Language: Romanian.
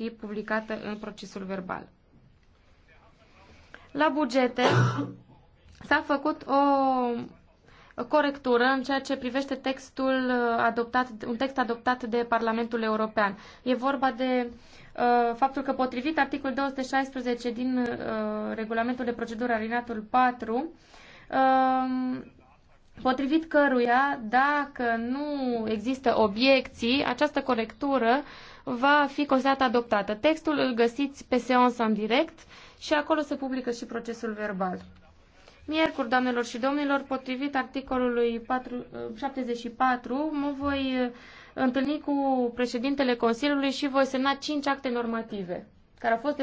fi publicată în procesul verbal. La bugete s-a făcut o corectură în ceea ce privește textul adoptat, un text adoptat de Parlamentul European. E vorba de uh, faptul că potrivit articolul 216 din uh, regulamentul de procedură alineatul 4, uh, potrivit căruia, dacă nu există obiecții, această corectură va fi considerată adoptată. Textul îl găsiți pe seansa în direct și acolo se publică și procesul verbal. Miercuri, doamnelor și domnilor, potrivit articolului 4, 74, uh, mă voi uh, întâlni cu președintele Consiliului și voi semna cinci acte normative care au fost